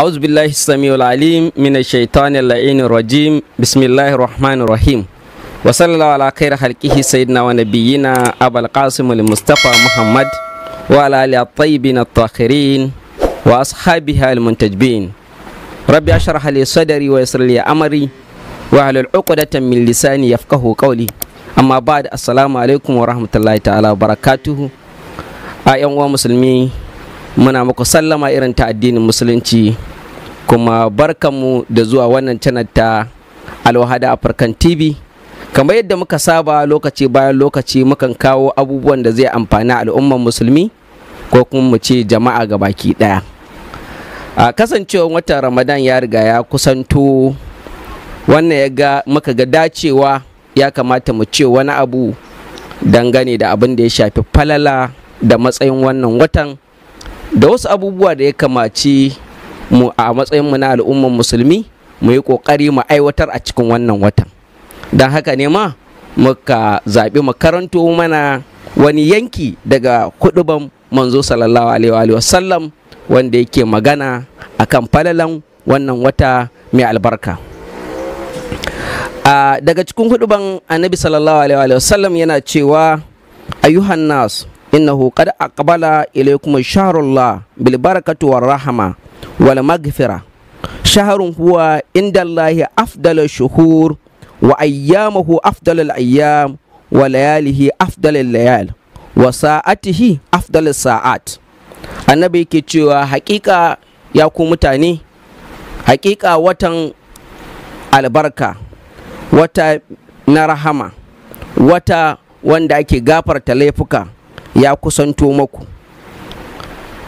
أعوذ بالله السميع العليم من الشيطان اللعين الرجيم بسم الله الرحمن الرحيم وصلى الله على خير خلقه سيدنا ونبينا أبا القاسم المصطفى محمد وعلى آله الطيبين الطاهرين وأصحابها المنتجبين ربي أشرح لي صدري ويسر لي أمري وأهل العقدة من لساني يفقه قولي أما بعد السلام عليكم ورحمة الله تعالى وبركاته أيها المسلمين muna muku sallama irin ta addinin musulunci kuma barkanmu da zuwa wannan canar ta alwahada african tv kamar yadda muka saba lokaci bayan lokaci mukan kawo abubuwan da zai amfani al'ummar musulmi ko kuma mu ce jama'a ga baki daya a kasancewar watan ramadan ya riga ya kusanto wannan ya ga muka ga dacewa ya kamata mu ce wani abu dangane da abin da ya shafi falala da matsayin wannan watan da wasu abubuwa da ya kamaci mu a matsayinmu na al'ummar musulmi mu yi ƙoƙari mu aiwatar a cikin wannan watan don haka ne ma muka zaɓi makaranto mana wani yanki daga kuɗuban manzo sallallahu alaihi sallam, wanda yake magana a kan falalan wannan wata mai albarka daga cikin kuɗuban annabi sallallahu alaihi sallam, yana cewa ayyuhan innahu qad aqbala ilaykum shahrullah bil barakati war rahma wal maghfira shahrun huwa inda Allah afdal shuhur wa ayyamuhu afdal al wa layalihi afdal al layal wa sa'atihi afdal sa'at annabi yake cewa hakika ya ku mutane hakika watan albarka wata narahama, wata wanda ake gafarta laifuka ya kusanto maku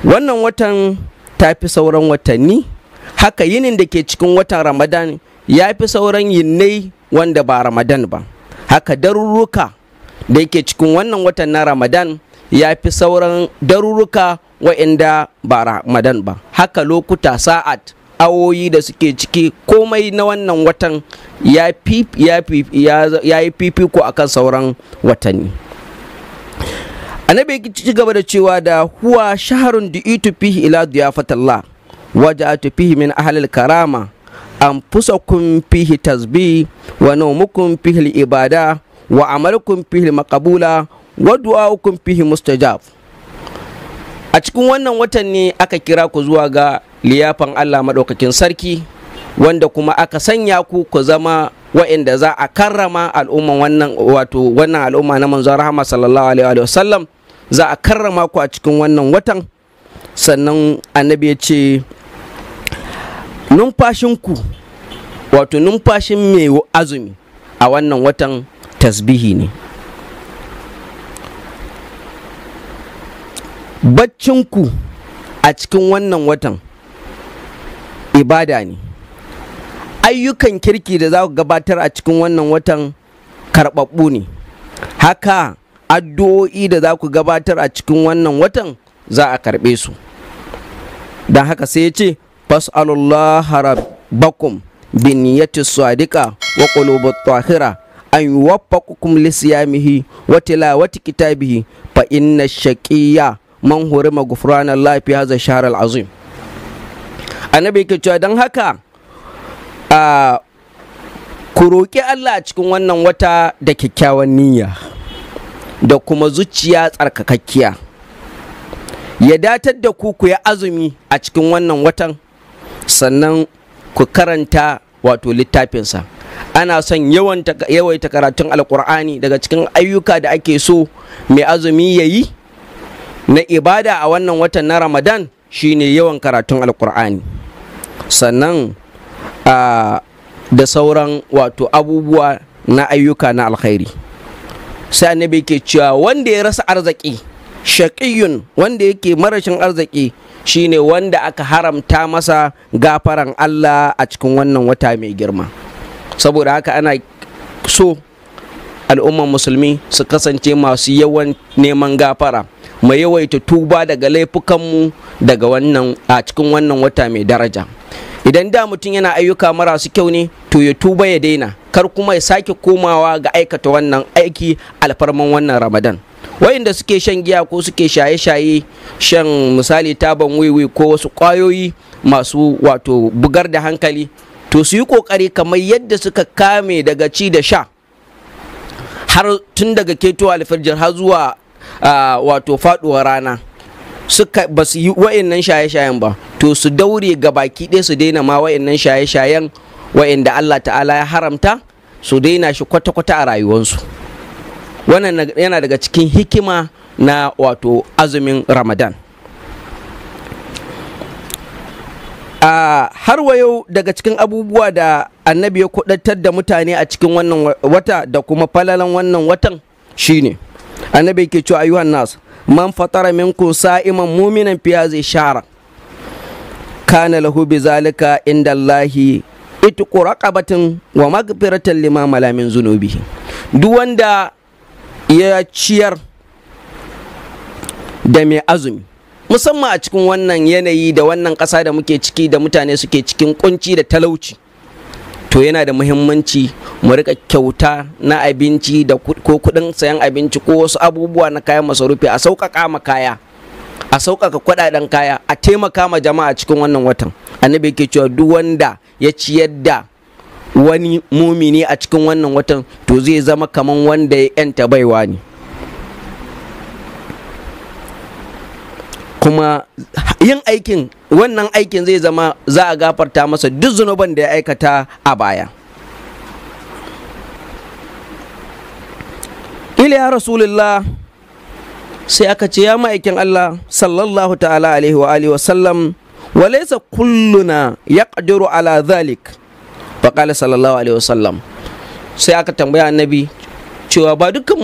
wannan watan ta fi sauran watanni haka yinin da ke cikin watan ramadan ya fi sauran yinnai wanda ba ramadan ba haka darurruka da ke cikin wannan watan na ramadan ya fi sauran daruruka wa'inda ba ramadan ba haka lokuta sa'at awoyi da suke ciki komai na wannan watan ya yi fifiko akan sauran watanni annabi ya ci gaba da cewa da huwa shaharun da itu fihi ila diyafatallah waje a fihi min ahalil karama an fusa kun fihi tasbi wa naumukun fihi ibada wa amalkun fihi makabula wa du'a'ukum fihi mustajab a cikin wannan watan ne aka kira ku zuwa ga liyafan Allah maɗaukakin sarki wanda kuma aka sanya ku ku zama wa'inda za a karrama al'umman wannan wato wannan al'umma na manzon rahama sallallahu alaihi wa sallam za a karrama ku a cikin wannan watan sannan annabi ya ce numfashinku wato numfashin mai azumi a wannan watan tasbihi ne baccinku a cikin wannan watan ibada ne ayyukan kirki da za ku gabatar a cikin wannan watan karɓaɓɓu ne haka addu'o'i da za ku gabatar a cikin wannan watan za a karɓe su don haka sai ya ce fas'alullah rabbakum bi niyyati sadiqa wa qulubi tahira an yuwaffaqukum li siyamihi wa tilawati kitabihi fa inna shaqiyya man hurima ghufranallahi fi hadha shahr al-azim annabi yake cewa don haka a ku roƙi Allah a cikin wannan wata da kyakkyawan niyya da kuma zuciya tsarkakakkiya ya datar da ku ku yi azumi a cikin wannan watan sannan ku karanta wato littafinsa ana son yawaita karatun alkur'ani daga cikin ayyuka da ake so mai azumi ya yi na ibada a wannan watan na ramadan shine yawan karatun alkur'ani sannan Ah, da sauran wato abubuwa na ayyuka na alkhairi sai annabi ke cewa wanda ya rasa arziki shaƙiyun wanda yake marashin arziki shine wanda aka haramta masa gafaran Allah a cikin wannan wata mai girma saboda haka ana so al'umman musulmi su kasance masu yawan neman gafara mai yawaita tuba daga laifukanmu daga wannan a cikin wannan wata mai daraja idan da mutum yana ayyuka marasu kyau ne to ya tuba ya daina kar kuma ya sake komawa ga aikata wannan aiki alfarman wannan ramadan wayanda suke shan giya ko suke shaye-shaye shan misali taban wiwi ko wasu kwayoyi masu wato bugar da hankali to su yi kokari kamar yadda suka kame daga ci da sha har tun daga keto alfajir har zuwa ah, wato faduwar rana suka ba su yi wa'annan shaye-shayen ba to su daure ga baki ɗaya su daina ma wa'annan shaye-shayen wa'anda Allah ta'ala ya haramta su daina shi kwata-kwata a rayuwarsu wannan yana daga cikin hikima na wato azumin ramadan a har wa yau daga cikin abubuwa da annabi ya kudantar da mutane a cikin wannan wata da kuma falalan wannan watan shine ne annabi yake cewa ayyuhan nas man fatara minkum sa'iman muminan fi zai shahra kana lahu bi zalika inda Allahi itqu raqabatin wa maghfiratan lima malamin zunubi duk wanda ya ciyar da mai azumi musamman a cikin wannan yanayi da wannan ƙasa da muke ciki da mutane suke cikin kunci da talauci to yana da muhimmanci mu rika kyauta na abinci da ko kudin sayan abinci ko wasu abubuwa na kayan masarufi a sauƙaƙa ma kaya a sauƙaƙa kwaɗaɗen kaya a taimaka ma jama'a cikin wannan watan annabi yake cewa duk wanda ya ciyar da wani mumini a cikin wannan watan to zai zama kaman wanda ya 'yanta baiwa ne kuma yin aikin wannan aikin zai zama za a gafarta masa duk zunuban da ya aikata a baya ila ya rasulullah sai aka ce ya ma'aikin Allah sallallahu ta'ala alaihi wa alihi wa sallam wa laysa kulluna ala zalik fa sallallahu alaihi wa sai aka tambaya annabi cewa ba dukkan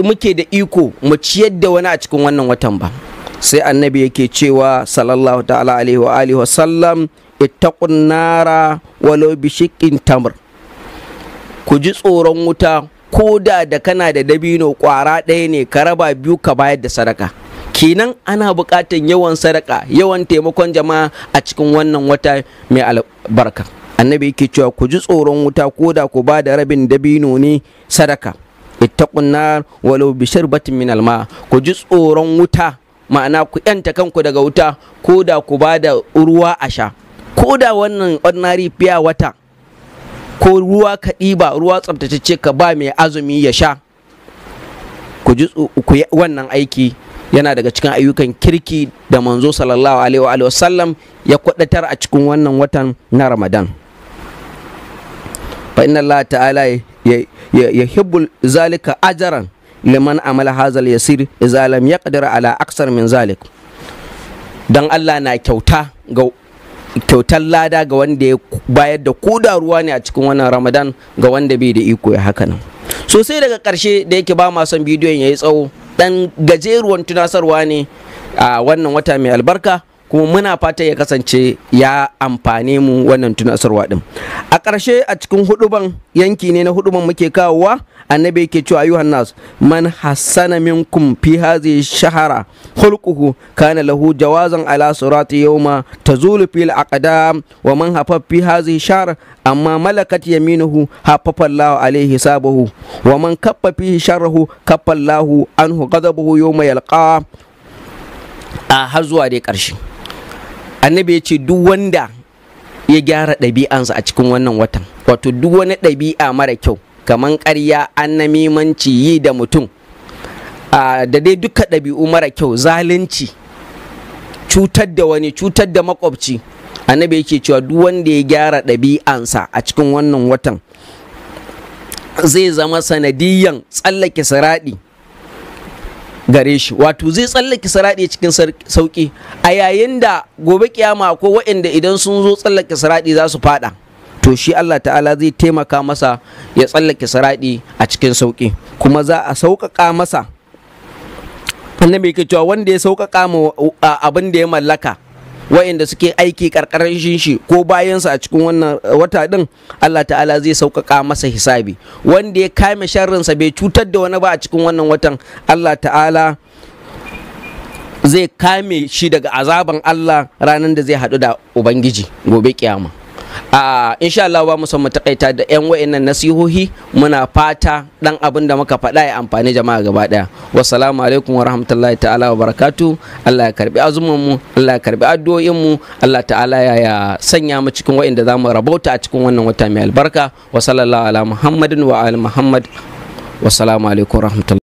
muke da iko mu ciyar da wani a cikin wannan watan ba sai annabi yake cewa sallallahu ta'ala alaihi wa alihi wa sallam ittaqun nara walau bi shiqqin tamr ku ji tsoron wuta ko da da kana da dabino kwara ɗaya ne ka raba biyu ka bayar da sadaka kenan ana buƙatar yawan sadaka yawan taimakon jama'a a cikin wannan wata mai albarka annabi yake cewa ku ji tsoron wuta ko da ku ba da rabin dabino ne sadaka ittaqun nar walau bi sharbatin min alma ku ji tsoron wuta ma'ana ku yanta kanku daga wuta ko da ku ba da ruwa a sha ko da wannan ordinary fiya wata ko ruwa ka ɗiba ruwa tsabtatacce ka ba mai azumi ya sha ku ji ku wannan aiki yana daga cikin ayyukan kirki da manzo sallallahu alaihi wa sallam ya kwadatar a cikin wannan watan na ramadan fa inna allah ta'ala ya hibbul zalika ajaran liman amal hazal yasir idza lam yaqdir ala aksar min zalik dan Allah na kyauta ga kyautar lada ga wanda ya bayar da koda ruwa ne a cikin wannan Ramadan ga wanda bai da iko ya haka nan sosai daga ƙarshe da yake ba ma son bidiyon yi tsawo dan gajeruwan tunasarwa ne a wannan wata mai albarka kuma muna fata ya kasance ya amfane mu wannan tunasarwa din a ƙarshe a cikin huduban yanki ne na huduban muke kawowa annabi yake cewa ayuhan nas man hassana minkum fi hazi shahara khulquhu kana lahu jawazan ala surati yawma tazulu fil aqdam wa man hafa fi hazi shahr amma malakat yaminuhu hafafa Allah alaihi hisabahu wa man kaffa fi sharrahu kaffa Allah anhu ghadabuhu yawma yalqa a har zuwa dai ƙarshe annabi ya ce duk wanda ya gyara ɗabi'ansa a cikin wannan watan wato duk wani ɗabi'a mara kyau kamar ƙarya annamimanci yi da mutum da dai duka ɗabi'u mara kyau zalunci cutar da wani cutar da makwabci annabi yake cewa duk wanda ya gyara ɗabi'ansa a cikin wannan watan zai zama sanadiyan tsallake siraɗi gare shi wato zai tsallake saraɗi cikin sauƙi a yayin da gobe kiyama ko waɗanda idan sun zo tsallake saraɗi za su faɗa to shi Allah ta'ala zai taimaka masa ya tsallake saraɗi a cikin sauƙi kuma za a sauƙaƙa masa annabi yake cewa wanda ya sauƙaƙa abin da ya mallaka wa'inda suke aiki karkashin shi ko bayansa a cikin wannan eh, wata din Allah ta'ala zai sauƙaƙa masa hisabi wanda ya kame sharrinsa bai cutar da wani ba a cikin wannan watan Allah ta'ala zai kame shi daga azaban Allah ranar da zai haɗu da Ubangiji gobe kiyama. a insha Allah ba musamman takaita da yan wayannan nasihohi muna fata dan abin da muka faɗa ya amfani jama'a gaba daya wassalamu alaikum wa rahmatullahi ta'ala wa barakatu Allah ya karbi azumin mu Allah ya karbi addu'o'in mu Allah ta'ala ya sanya mu cikin wayanda zamu rabauta a cikin wannan wata mai albarka wa sallallahu ala muhammadin wa ali muhammad wassalamu alaikum wa rahmatullahi